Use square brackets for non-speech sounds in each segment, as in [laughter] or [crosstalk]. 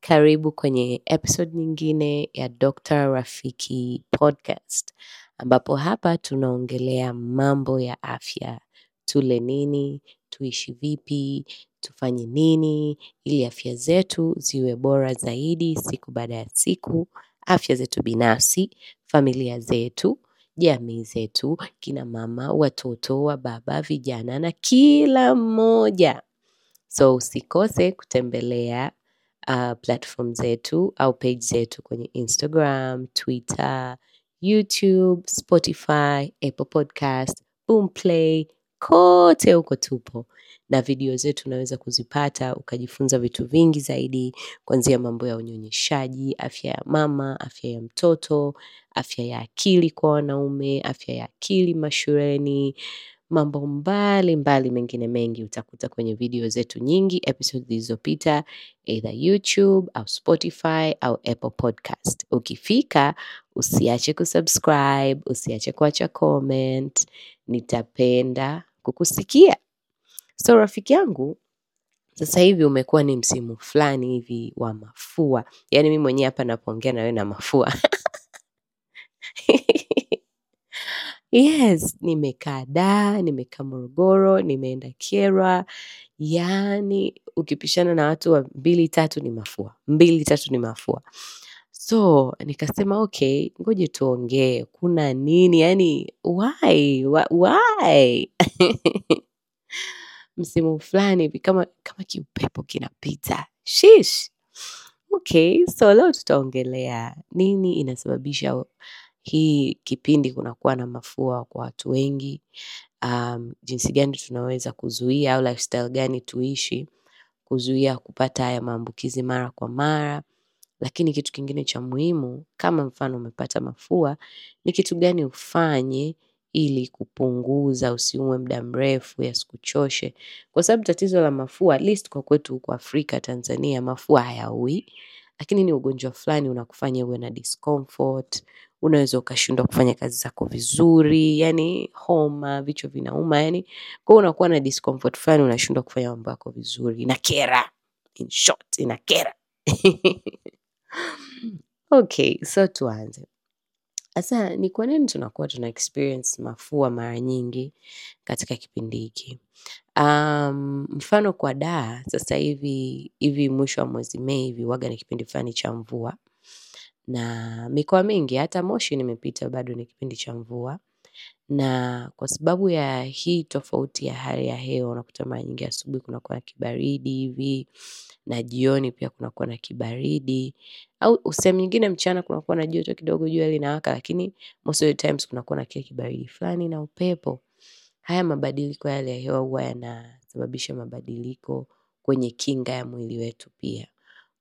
Karibu kwenye episode nyingine ya Dr. Rafiki Podcast, ambapo hapa tunaongelea mambo ya afya. Tule nini? Tuishi vipi? Tufanye nini ili afya zetu ziwe bora zaidi siku baada ya siku, afya zetu binafsi, familia zetu jamii zetu, kina mama, watoto, wa baba, vijana na kila mmoja. So usikose kutembelea uh, platform zetu au page zetu kwenye Instagram, Twitter, YouTube, Spotify, Apple Podcast, Boomplay, kote huko tupo na video zetu unaweza kuzipata ukajifunza vitu vingi zaidi, kuanzia mambo ya unyonyeshaji, afya ya mama, afya ya mtoto, afya ya akili kwa wanaume, afya ya akili mashureni mambo mbali mbali mengine mengi utakuta kwenye video zetu nyingi episode zilizopita either YouTube au Spotify au Apple Podcast. Ukifika usiache kusubscribe, usiache kuacha comment, nitapenda kukusikia. So rafiki yangu, sasa hivi umekuwa ni msimu fulani hivi wa mafua, yaani mi mwenyewe hapa napoongea na wewe na mafua [laughs] Yes, nimekaa daa nimekaa Morogoro, nimeenda kerwa yaani ukipishana na watu wa mbili tatu ni mafua, mbili tatu ni mafua. So nikasema okay, ngoje tuongee, kuna nini? Yaani why why? [laughs] Msimu fulani hivi kama kama kiupepo kinapita shish. Okay, so leo tutaongelea nini inasababisha hii kipindi kunakuwa na mafua kwa watu wengi um, jinsi gani tunaweza kuzuia au lifestyle gani tuishi kuzuia kupata haya maambukizi mara kwa mara. Lakini kitu kingine cha muhimu, kama mfano umepata mafua, ni kitu gani ufanye ili kupunguza, usiumwe muda mrefu, yasikuchoshe, kwa sababu tatizo la mafua at least kwa kwetu huko Afrika Tanzania, mafua hayaui, lakini ni ugonjwa fulani unakufanya uwe na discomfort, unaweza ukashindwa kufanya kazi zako vizuri, yani homa, vichwa vinauma, yani kwa unakuwa na discomfort fulani, unashindwa kufanya mambo yako vizuri, inakera. In short, inakera [laughs] okay, so tuanze sasa. Ni kwa nini tunakuwa tuna experience mafua mara nyingi katika kipindi hiki? Um, mfano kwa daa sasa hivi hivi mwisho wa mwezi Mei hivi waga ni kipindi fulani cha mvua na mikoa mingi hata Moshi nimepita bado ni kipindi cha mvua. Na kwa sababu ya hii tofauti ya hali ya hewa unakuta mara nyingi asubuhi kunakuwa na kibaridi hivi na jioni pia kunakuwa na kibaridi au sehemu nyingine mchana kunakuwa na joto kidogo jua linawaka lakini most of the times kunakuwa na kile kibaridi fulani na upepo. Haya mabadiliko ya hali ya hewa huwa yanasababisha mabadiliko kwenye kinga ya mwili wetu pia.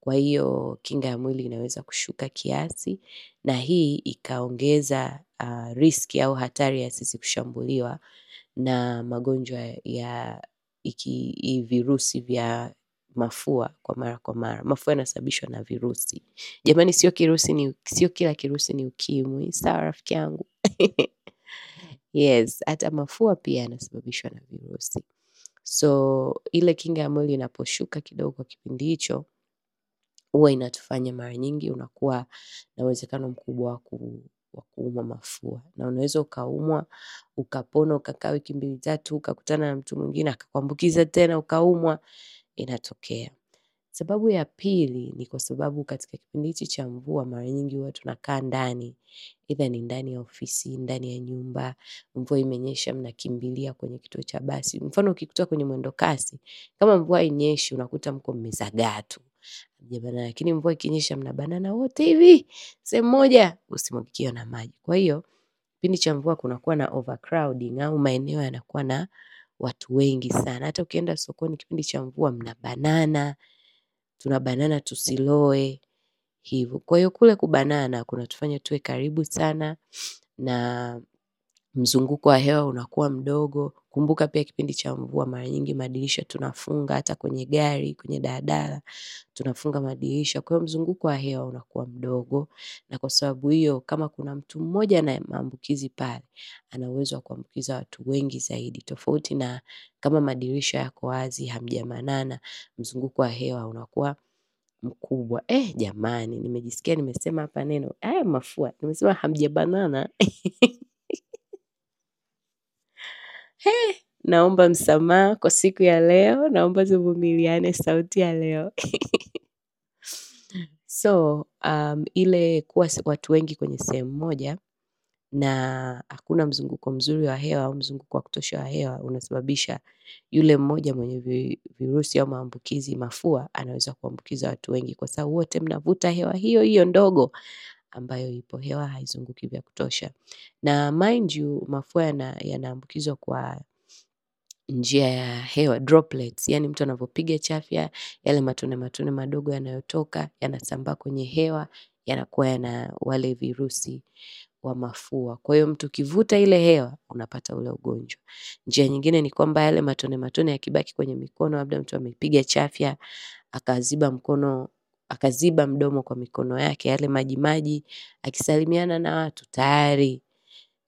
Kwa hiyo kinga ya mwili inaweza kushuka kiasi na hii ikaongeza uh, ah, riski au hatari ya sisi kushambuliwa na magonjwa ya iki, virusi vya mafua kwa mara kwa mara. Mafua yanasababishwa na virusi. Jamani, sio kirusi ni sio kila kirusi ni ukimwi, sawa rafiki yangu? [laughs] Yes, hata mafua pia yanasababishwa na virusi. So ile kinga ya mwili inaposhuka kidogo kwa kipindi hicho huwa inatufanya mara nyingi unakuwa na uwezekano mkubwa wa ku kuumwa mafua na unaweza ukaumwa ukapona ukakaa wiki mbili tatu ukakutana na mtu mwingine akakuambukiza tena ukaumwa, inatokea. Sababu ya pili ni kwa sababu katika kipindi hichi cha mvua mara nyingi huwa tunakaa ndani, idha ni ndani ya ofisi, ndani ya nyumba, mvua imenyesha mnakimbilia kwenye kituo cha basi. Mfano ukikuta kwenye mwendo kasi, kama mvua inyeshi unakuta mko mmezagaa tu hamjabanana lakini mvua ikinyesha mnabanana wote hivi sehemu moja usimwagikiwe na maji. Kwa hiyo kipindi cha mvua kunakuwa na overcrowding au maeneo yanakuwa na watu wengi sana. Hata ukienda sokoni kipindi cha mvua mnabanana, tunabanana tusiloe hivyo. Kwa hiyo kule kubanana kunatufanya tuwe karibu sana na mzunguko wa hewa unakuwa mdogo. Kumbuka pia kipindi cha mvua mara nyingi madirisha tunafunga hata kwenye gari, kwenye daladala tunafunga madirisha. Kwa hiyo mzunguko wa hewa unakuwa mdogo na kwa sababu hiyo kama kuna mtu mmoja na maambukizi pale ana uwezo wa kuambukiza watu wengi zaidi. Tofauti na kama madirisha yako wazi hamjamanana mzunguko wa hewa unakuwa mkubwa. Eh jamani nimejisikia nimesema hapa neno. mafua nimesema hamjabanana. [laughs] He, naomba msamaha kwa siku ya leo, naomba tuvumiliane sauti ya leo. [laughs] So um, ile kuwa watu wengi kwenye sehemu moja na hakuna mzunguko mzuri wa hewa au mzunguko wa kutosha wa hewa unasababisha yule mmoja mwenye virusi au maambukizi mafua anaweza kuambukiza watu wengi, kwa sababu wote mnavuta hewa hiyo hiyo ndogo ambayo ipo, hewa haizunguki vya kutosha. Na mind you mafua yanaambukizwa kwa njia ya hewa droplets, yani mtu anavyopiga chafya yale matone matone madogo yanayotoka yanasambaa kwenye hewa, yanakuwa yana wale virusi wa mafua. Kwa hiyo mtu ukivuta ile hewa unapata ule ugonjwa. Njia nyingine ni kwamba yale matone matone yakibaki kwenye mikono, labda mtu amepiga chafya akaziba mkono akaziba mdomo kwa mikono yake yale majimaji, akisalimiana na watu tayari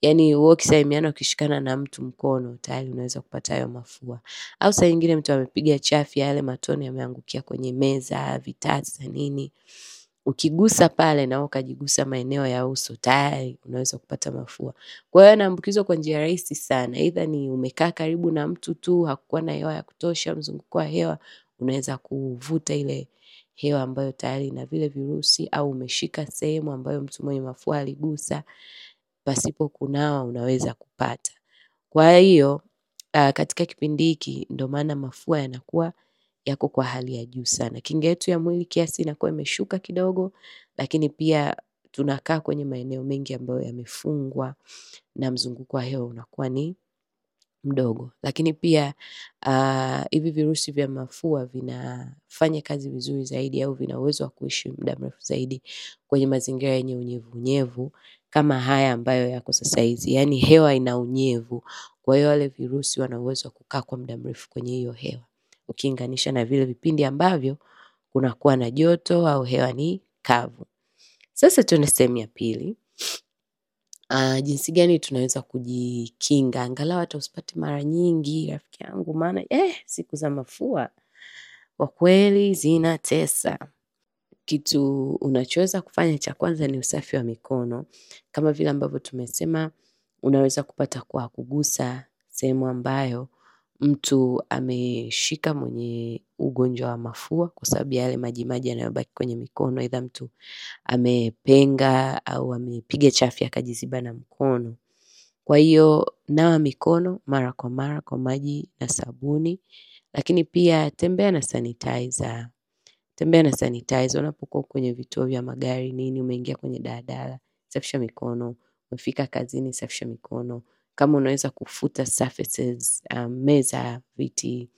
yani wewe kisalimiana ukishikana na mtu mkono tayari unaweza kupata hayo mafua. Au saa nyingine mtu amepiga chafi yale matone yameangukia kwenye meza, vitasa nini. Ukigusa pale na ukajigusa maeneo ya uso tayari unaweza kupata mafua. Kwa hiyo anaambukizwa kwa njia rahisi sana. Aidha ni umekaa karibu na mtu tu hakukuwa na hewa ya kutosha, mzunguko wa hewa unaweza kuvuta ile hewa ambayo tayari ina vile virusi au umeshika sehemu ambayo mtu mwenye mafua aligusa pasipo kunawa, unaweza kupata. Kwa hiyo uh, katika kipindi hiki ndio maana mafua yanakuwa yako kwa hali ya juu sana. Kinga yetu ya mwili kiasi inakuwa imeshuka kidogo, lakini pia tunakaa kwenye maeneo mengi ambayo yamefungwa na mzunguko wa hewa unakuwa ni mdogo, lakini pia ah, hivi uh, virusi vya mafua vinafanya kazi vizuri zaidi au vina uwezo wa kuishi muda mrefu zaidi kwenye mazingira yenye unyevunyevu kama haya ambayo yako sasa hizi, yaani hewa ina unyevu. Kwa hiyo wale virusi wana uwezo wa kukaa kwa muda mrefu kwenye hiyo hewa ukiinganisha na vile vipindi ambavyo kunakuwa na joto au hewa ni kavu. Sasa tuende sehemu ya pili uh, jinsi gani tunaweza kujikinga angalau hata usipate mara nyingi rafiki yangu, maana eh, siku za mafua kwa kweli zinatesa. Kitu unachoweza kufanya cha kwanza ni usafi wa mikono, kama vile ambavyo tumesema, unaweza kupata kwa kugusa sehemu ambayo mtu ameshika mwenye ugonjwa wa mafua kwa sababu ya yale majimaji yanayobaki kwenye mikono, aidha mtu amepenga au amepiga chafya akajiziba na mkono. Kwa hiyo nawa mikono mara kwa mara kwa maji na sabuni, lakini pia tembea na sanitizer. Tembea na sanitizer, unapokuwa kwenye vituo vya magari nini, umeingia kwenye daladala, safisha mikono, umefika kazini, safisha mikono kama unaweza kufuta surfaces, um, meza, viti,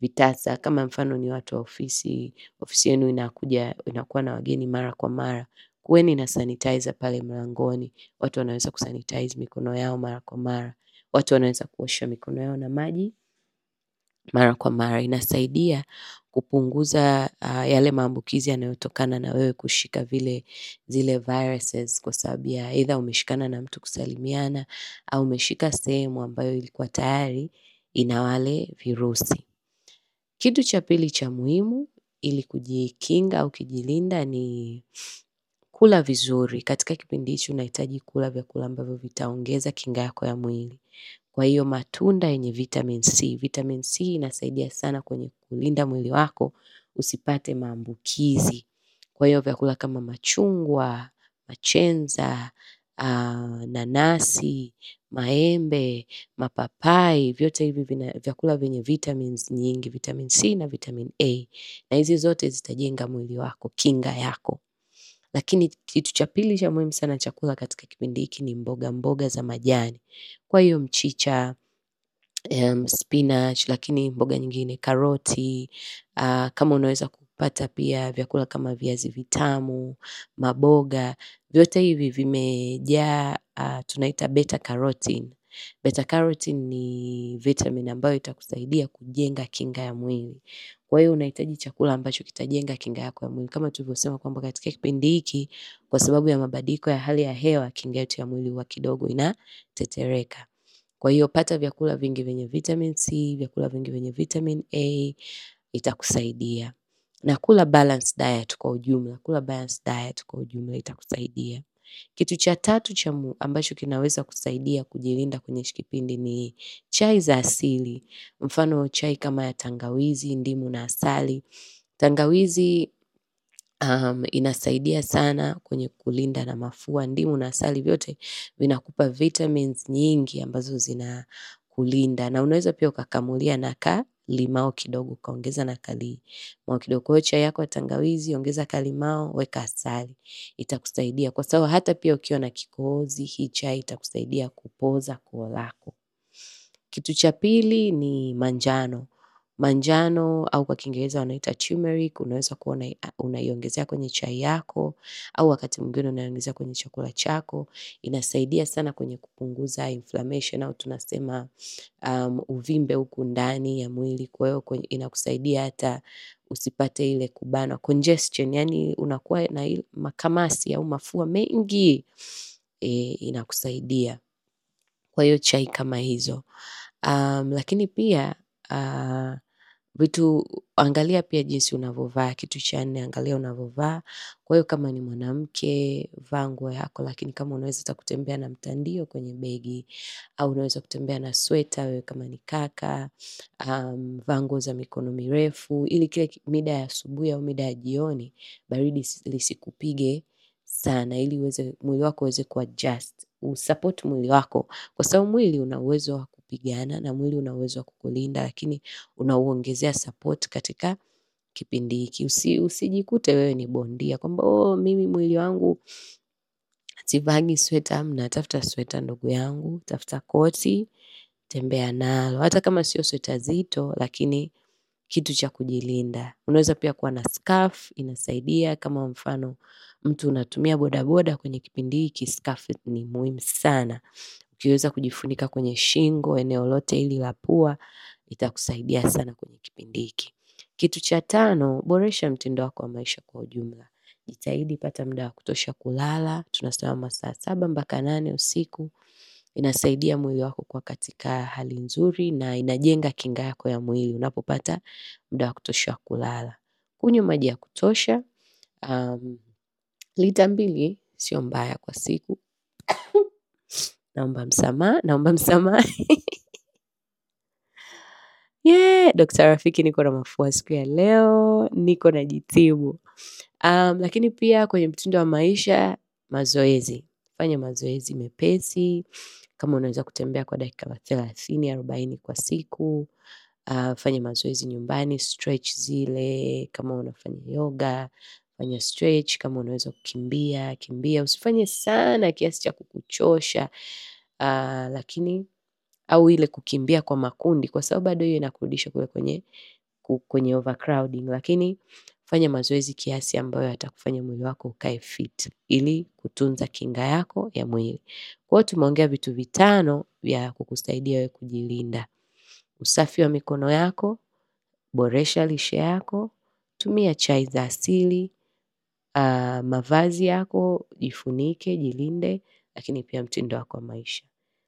vitasa. Kama mfano ni watu wa ofisi, ofisi yenu inakuja inakuwa na wageni mara kwa mara, kuweni na sanitizer pale mlangoni. Watu wanaweza kusanitize mikono yao mara kwa mara. Watu wanaweza kuosha mikono yao na maji mara kwa mara. Inasaidia kupunguza uh, yale maambukizi yanayotokana na wewe kushika vile zile viruses kwa sababu ya aidha umeshikana na mtu kusalimiana au umeshika sehemu ambayo ilikuwa tayari ina wale virusi. Kitu cha pili cha muhimu ili kujikinga au kujilinda ni kula vizuri. Katika kipindi hichi unahitaji kula vyakula ambavyo vitaongeza kinga yako ya mwili. Kwa hiyo matunda yenye vitamin C. Vitamin C inasaidia sana kwenye kulinda mwili wako usipate maambukizi. Kwa hiyo vyakula kama machungwa, machenza, ah, nanasi, maembe, mapapai, vyote hivi vyakula vyenye vitamins nyingi, vitamin C na vitamin A. Na hizi zote zitajenga mwili wako, kinga yako. Lakini kitu cha pili cha muhimu sana cha kula katika kipindi hiki ni mboga mboga za majani. Kwa hiyo mchicha, um, spinach, lakini mboga nyingine karoti, uh, kama unaweza kupata pia vyakula kama viazi vitamu, maboga, vyote hivi vimejaa uh, tunaita beta carotene Beta carotene ni vitamin ambayo itakusaidia kujenga kinga ya mwili. Kwa hiyo unahitaji chakula ambacho kitajenga kinga yako ya mwili. Kama tulivyosema kwamba katika kipindi hiki kwa sababu ya mabadiliko ya hali ya hewa kinga yetu ya mwili huwa kidogo inatetereka. Kwa hiyo pata vyakula vingi vyenye vitamin C, vyakula vingi vyenye vitamin A itakusaidia. Na kula balanced diet kwa ujumla, kula balanced diet kwa ujumla itakusaidia. Kitu cha tatu cha ambacho kinaweza kusaidia kujilinda kwenye kipindi ni chai za asili. Mfano chai kama ya tangawizi, ndimu na asali. Tangawizi um, inasaidia sana kwenye kulinda na mafua. Ndimu na asali vyote vinakupa vitamins nyingi ambazo zina kulinda. Na unaweza pia ukakamulia na ka limao kidogo, ukaongeza na mao kidogo. Kwa hiyo chai yako ya tangawizi ongeza kalimao, weka asali, itakusaidia kwa sababu hata pia ukiwa na kikohozi, hii chai itakusaidia kupoza koo lako. Kitu cha pili ni manjano manjano au kwa Kiingereza wanaita turmeric, unaweza kuwa unaiongezea kwenye chai yako au wakati mwingine unaongezea kwenye chakula chako. Inasaidia sana kwenye kupunguza inflammation au tunasema um, uvimbe huku ndani ya mwili. Kwa hiyo inakusaidia hata usipate ile kubana congestion, yani unakuwa na makamasi au mafua mengi e, inakusaidia. Kwa hiyo chai kama hizo um, lakini pia uh, vitu angalia pia jinsi unavovaa. Kitu cha nne angalia unavovaa. Kwa hiyo kama ni mwanamke vaa nguo yako, lakini kama unaweza hata kutembea na mtandio kwenye begi au unaweza kutembea na sweta wewe kama ni kaka, um, vaa nguo za mikono mirefu ili kile mida ya asubuhi au mida ya jioni baridi lisikupige sana ili uweze mwili wako uweze kuadjust. usapoti mwili wako kwa sababu mwili una uwezo wa kupigana na mwili una uwezo wa kukulinda, lakini unauongezea support katika kipindi hiki. Usi, usijikute wewe ni bondia kwamba oh, mimi mwili wangu sivagi sweta. Mna tafuta sweta, ndugu yangu, tafuta koti, tembea nalo, hata kama sio sweta zito, lakini kitu cha kujilinda. Unaweza pia kuwa na scarf, inasaidia kama mfano mtu unatumia bodaboda kwenye kipindi hiki, scarf ni muhimu sana ukiweza kujifunika kwenye shingo, eneo lote hili la pua, itakusaidia sana kwenye kipindi hiki. Kitu cha tano, boresha mtindo wako wa maisha kwa ujumla. Jitahidi pata muda wa kutosha kulala, tunasema masaa saba mpaka nane usiku. Inasaidia mwili wako kuwa katika hali nzuri na inajenga kinga yako ya mwili unapopata muda wa kutosha wa kulala. Kunywa maji ya kutosha, um, lita mbili sio mbaya kwa siku [coughs] naomba msamaha, naomba msamaha. [laughs] Yeah, Dokta Rafiki, niko na mafua siku ya leo, niko jitibu Um, lakini pia kwenye mtindo wa maisha, mazoezi. Fanya mazoezi mepesi, kama unaweza kutembea kwa dakika thelathini arobaini kwa siku. Uh, fanya mazoezi nyumbani, stretch zile, kama unafanya yoga, fanya stretch kama unaweza kukimbia kimbia, usifanye sana kiasi cha kukuchosha uh, lakini au ile kukimbia kwa makundi, kwa sababu bado hiyo inakurudisha kule kwenye kwenye overcrowding, lakini fanya mazoezi kiasi ambayo yatakufanya mwili wako ukae fit ili kutunza kinga yako ya mwili. Kwa hiyo tumeongea vitu vitano vya kukusaidia wewe kujilinda: usafi wa mikono yako, boresha lishe yako, tumia chai za asili, uh, mavazi yako jifunike, jilinde, lakini pia mtindo wako wa maisha.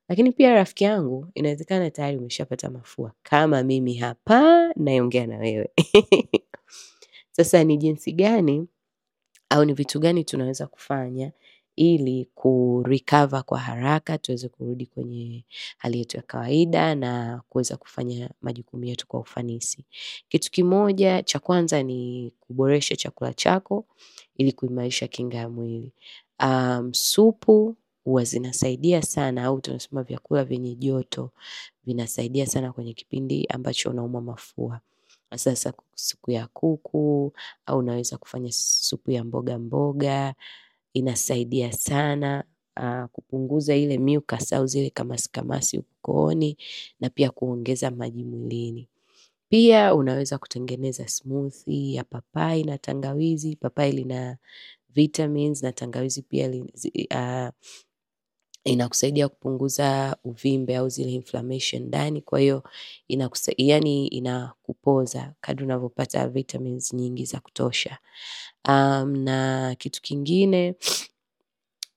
Lakini pia rafiki yangu, inawezekana tayari umeshapata mafua kama mimi hapa nayeongea na wewe [laughs] sasa ni jinsi gani au ni vitu gani tunaweza kufanya ili kurecover kwa haraka tuweze kurudi kwenye hali yetu ya kawaida na kuweza kufanya majukumu yetu kwa ufanisi. Kitu kimoja cha kwanza ni kuboresha chakula chako ili kuimarisha kinga ya mwili. Supu huwa zinasaidia sana au tunasema vyakula vyenye joto vinasaidia sana kwenye kipindi ambacho unaumwa mafua. Sasa supu ya kuku au unaweza kufanya supu ya mboga mboga inasaidia sana uh, kupunguza ile mucus au zile kamasikamasi ukooni na pia kuongeza maji mwilini. Pia unaweza kutengeneza smoothie ya papai na tangawizi. Papai lina vitamins na tangawizi pia li, zi, uh, inakusaidia kupunguza uvimbe au zile inflammation ndani, kwa hiyo yani inakupoza kadri unavyopata vitamins nyingi za kutosha. Um, na kitu kingine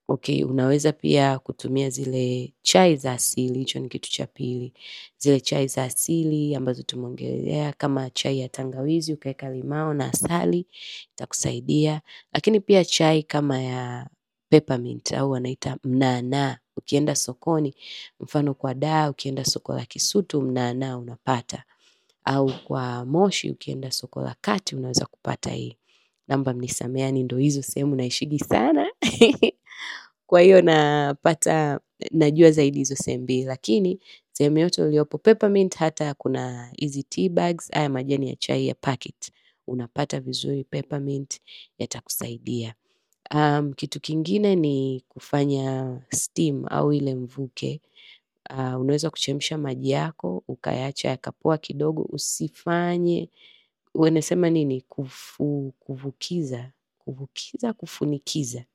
okay, unaweza pia kutumia zile chai za asili, hicho ni kitu cha pili. Zile chai za asili ambazo tumeongelea kama chai ya tangawizi ukaweka limao na asali itakusaidia, lakini pia chai kama ya peppermint au wanaita mnanaa Ukienda sokoni, mfano kwa Daa, ukienda soko la Kisutu, mnaanaa unapata. Au kwa Moshi, ukienda soko la kati, unaweza kupata hii. namba mnisameani ndo hizo sehemu naishigi sana. [laughs] Kwa hiyo napata najua zaidi hizo sehemu mbili lakini sehemu yote uliopo peppermint hata kuna hizi tea bags haya majani ya chai ya packet unapata vizuri peppermint yatakusaidia. Um, kitu kingine ni kufanya steam au ile mvuke. Uh, unaweza kuchemsha maji yako, ukayacha yakapoa kidogo, usifanye wanasema nini? Kufu, kuvukiza, kuvukiza, kufunikiza.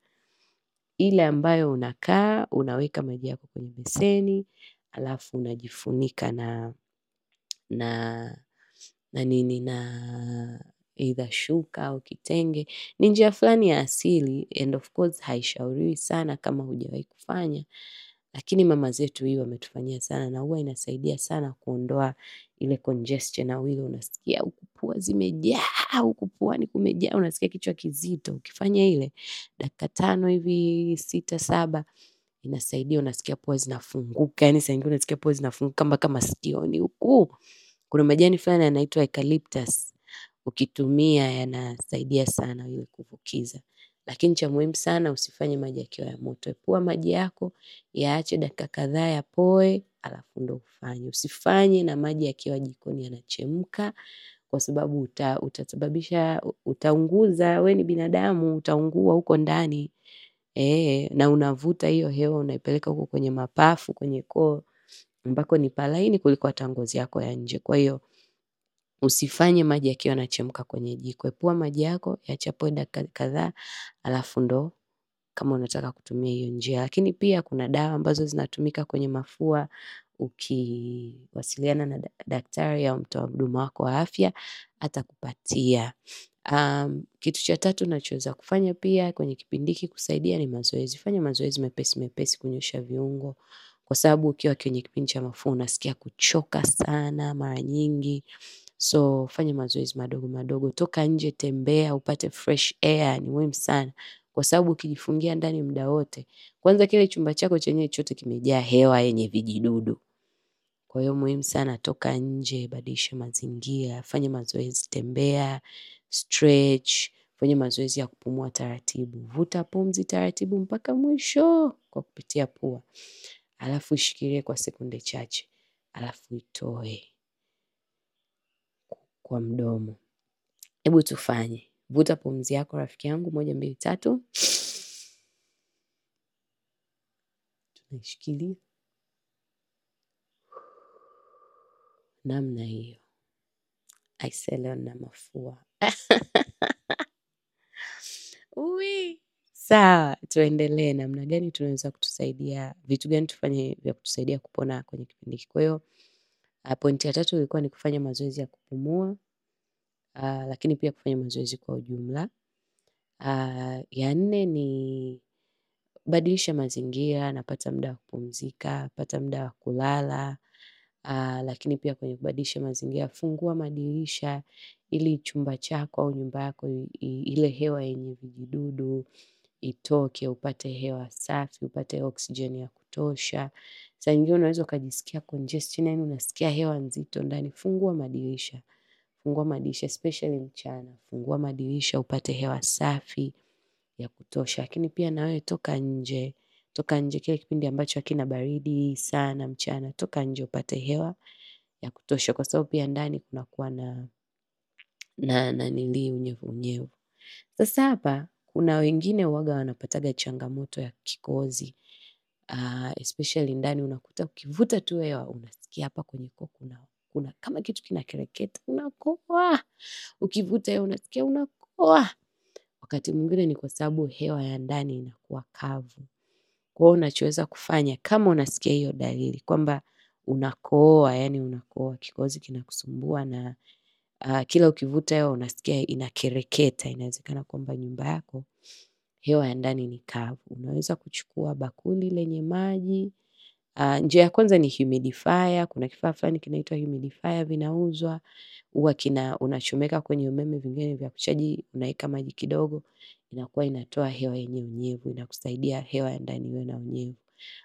Ile ambayo unakaa, unaweka maji yako kwenye beseni, alafu unajifunika na na na nini na eidha shuka au kitenge. Ni njia fulani ya asili and of course haishauriwi sana kama hujawahi kufanya, lakini mama zetu hii wametufanyia sana na huwa inasaidia sana kuondoa ile congestion au ile unasikia huku pua zimejaa, huku puani kumejaa, unasikia kichwa kizito. Ukifanya ile dakika tano hivi sita saba inasaidia, unasikia pua zinafunguka, yani saa nyingine unasikia pua zinafunguka mpaka masikioni huku. Kuna majani fulani yanaitwa eucalyptus ukitumia yanasaidia sana ili kuvukiza. Lakini cha muhimu sana usifanye maji yakiwa ya moto. Epua maji yako yaache dakika kadhaa yapoe alafu ndo ufanye. Usifanye na maji yakiwa jikoni yanachemka kwa sababu utasababisha utaunguza, we ni binadamu utaungua huko ndani na unavuta hiyo hewa unaipeleka huko kwenye mapafu, kwenye koo ambako ni palaini kuliko hata ngozi yako ya nje kwa hiyo Usifanye maji yakiwa yanachemka kwenye jiko. Epua maji yako yachapoe dakika kadhaa alafu ndo kama unataka kutumia hiyo njia. Lakini pia kuna dawa ambazo zinatumika kwenye mafua ukiwasiliana na daktari au mtoa huduma wako wa afya atakupatia. Um, kitu cha tatu unachoweza kufanya pia kwenye kipindi hiki kusaidia ni mazoezi. Fanya mazoezi mepesi mepesi kunyosha viungo kwa sababu ukiwa kwenye kipindi cha mafua unasikia kuchoka sana mara nyingi. So fanya mazoezi madogo madogo, toka nje, tembea, upate fresh air, ni muhimu sana kwa sababu ukijifungia ndani muda wote, kwanza kile chumba chako chenyewe chote kimejaa hewa yenye vijidudu. Kwa hiyo muhimu sana, toka nje, badilisha mazingira, fanya mazoezi, tembea, stretch, fanya mazoezi ya kupumua taratibu, vuta pumzi taratibu mpaka mwisho kwa kupitia pua, alafu ishikilie kwa sekunde chache, alafu itoe kwa mdomo. Hebu tufanye. Vuta pumzi yako rafiki yangu, moja, mbili, tatu. Tunaishikilia namna hiyo, aiseleo na mafua [laughs] Sawa, tuendelee. Namna gani tunaweza kutusaidia, vitu gani tufanye vya kutusaidia kupona kwenye kipindi hiki? Kwa hiyo Ah, pointi ya tatu ilikuwa ni kufanya mazoezi ya kupumua, ah, lakini pia kufanya mazoezi kwa ujumla. Ah, ya nne ni badilisha mazingira, napata muda wa kupumzika, pata muda wa kulala, lakini pia kwenye kubadilisha mazingira, fungua madirisha, ili chumba chako au nyumba yako ile hewa yenye vijidudu, itoke, upate hewa safi, upate oksijeni ya kutosha. Saa nyingine unaweza ukajisikia congestion, yani unasikia hewa nzito ndani. Fungua madirisha. Fungua madirisha especially mchana. Fungua madirisha upate hewa safi ya kutosha. Lakini pia na wewe toka nje. Toka nje kile kipindi ambacho hakina baridi sana mchana. Toka nje upate hewa ya kutosha kwa sababu pia ndani kunakuwa na na nanilii unyevu unyevu. Sasa hapa kuna wengine waga wanapataga changamoto ya kikozi uh, especially ndani unakuta ukivuta tu hewa unasikia hapa kwenye koo kuna, kuna kama kitu kinakereketa unakoa, ukivuta hewa unasikia unakoa. Wakati mwingine ni kwa sababu hewa ya ndani inakuwa kavu. kwao unachoweza kufanya kama unasikia hiyo dalili kwamba unakoa, yani unakoa, kikozi kinakusumbua na uh, kila ukivuta hewa unasikia inakereketa, inawezekana kwamba nyumba yako hewa ya ndani ni kavu. Unaweza kuchukua bakuli lenye maji. Uh, njia ya kwanza ni humidifier. Kuna kifaa fulani kinaitwa humidifier vinauzwa, huwa kina unachomeka kwenye umeme, vingine vya kuchaji unaweka maji kidogo, inakuwa inatoa hewa yenye unyevu, inakusaidia hewa ya ndani iwe na unyevu.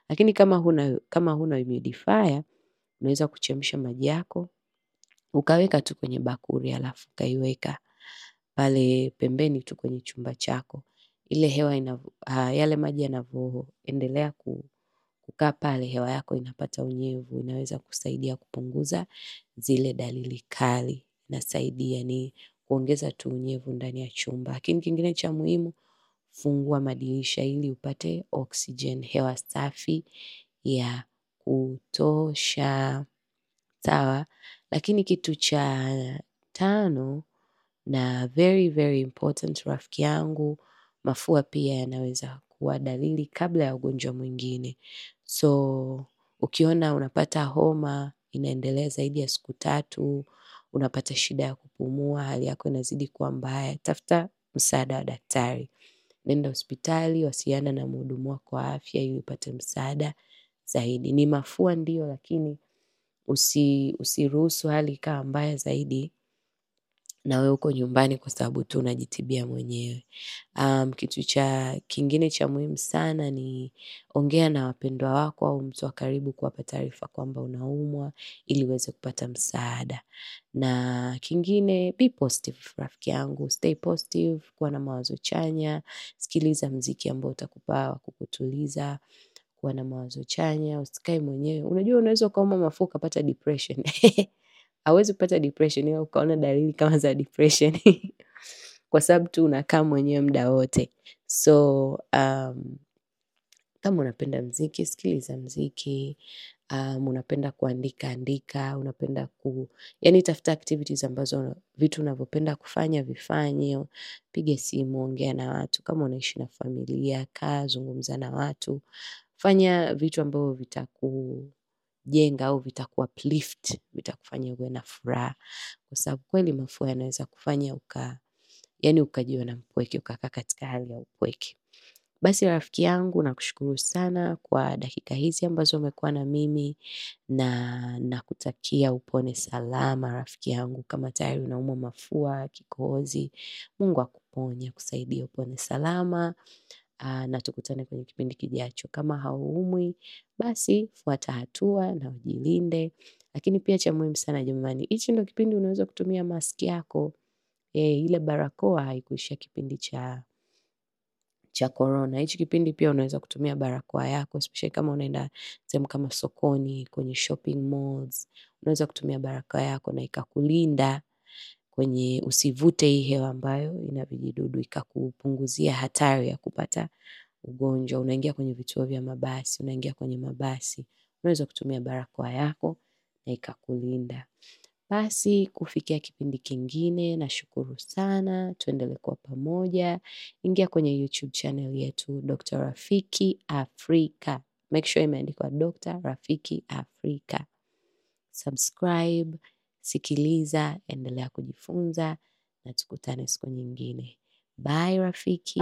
Lakini kama huna, kama huna humidifier unaweza kuchemsha maji yako ukaweka tu kwenye bakuli alafu ukaiweka pale pembeni tu kwenye chumba chako ile hewa inavu, ha, ah, yale maji yanavyoendelea kukaa pale, hewa yako inapata unyevu, inaweza kusaidia kupunguza zile dalili kali, inasaidia ni kuongeza tu unyevu ndani ya chumba. Lakini kingine cha muhimu, fungua madirisha ili upate oxygen, hewa safi ya kutosha. Sawa, lakini kitu cha tano na very very important rafiki yangu mafua pia yanaweza kuwa dalili kabla ya ugonjwa mwingine. So ukiona unapata homa inaendelea zaidi ya siku tatu, unapata shida ya kupumua, hali yako inazidi kuwa mbaya, tafuta msaada wa daktari. Nenda hospitali, wasiliana na mhudumu wako wa afya ili upate msaada zaidi. Ni mafua ndio lakini usiruhusu hali ikawa mbaya zaidi na wewe uko nyumbani kwa sababu tu unajitibia mwenyewe. Um, kitu cha kingine cha muhimu sana ni ongea na wapendwa wako au mtu wa karibu kuwapa taarifa kwamba unaumwa ili uweze kupata msaada. Na kingine be positive rafiki yangu, stay positive, kuwa na mawazo chanya, sikiliza mziki ambao utakupa wa kukutuliza, kuwa na mawazo chanya, usikae mwenyewe. Unajua unaweza ukaumwa mafua ukapata depression. [laughs] awezi kupata depression au ukaona dalili kama za depression [laughs] kwa sababu tu unakaa mwenyewe muda wote. So um, kama unapenda mziki sikiliza mziki. Um, unapenda kuandika andika, unapenda ku yani, tafuta activities ambazo vitu unavyopenda kufanya vifanye. Piga simu, ongea na watu. Kama unaishi na familia, kaa zungumza na watu, fanya vitu ambavyo vitaku vitakujenga au vitaku uplift, vitakufanya uwe na furaha, kwa sababu kweli mafua yanaweza kufanya uka yani ukajiona mpweke, ukakaa katika hali ya upweke. Basi rafiki yangu, nakushukuru sana kwa dakika hizi ambazo umekuwa na mimi na nakutakia upone salama rafiki yangu. Kama tayari unaumwa mafua, kikohozi, Mungu akuponye akusaidie upone salama. Ah, na tukutane kwenye kipindi kijacho. Kama hauumwi, basi fuata hatua na ujilinde. Lakini pia cha muhimu sana jamani, hichi ndo kipindi unaweza kutumia mask yako. E, ile barakoa haikuishia kipindi cha cha korona. Hichi kipindi pia unaweza kutumia barakoa yako, especially kama unaenda sehemu kama sokoni, kwenye shopping malls, unaweza kutumia barakoa yako na ikakulinda kwenye usivute hii hewa ambayo ina vijidudu, ikakupunguzia hatari ya kupata ugonjwa. Unaingia kwenye vituo vya mabasi, unaingia kwenye mabasi, unaweza kutumia barakoa yako na ikakulinda. Basi kufikia kipindi kingine, nashukuru sana, tuendelee kuwa pamoja. Ingia kwenye YouTube channel yetu Dr. Rafiki Afrika. Make sure imeandikwa Dr. Rafiki Afrika. Subscribe, Sikiliza, endelea kujifunza na tukutane siku nyingine. Bye rafiki.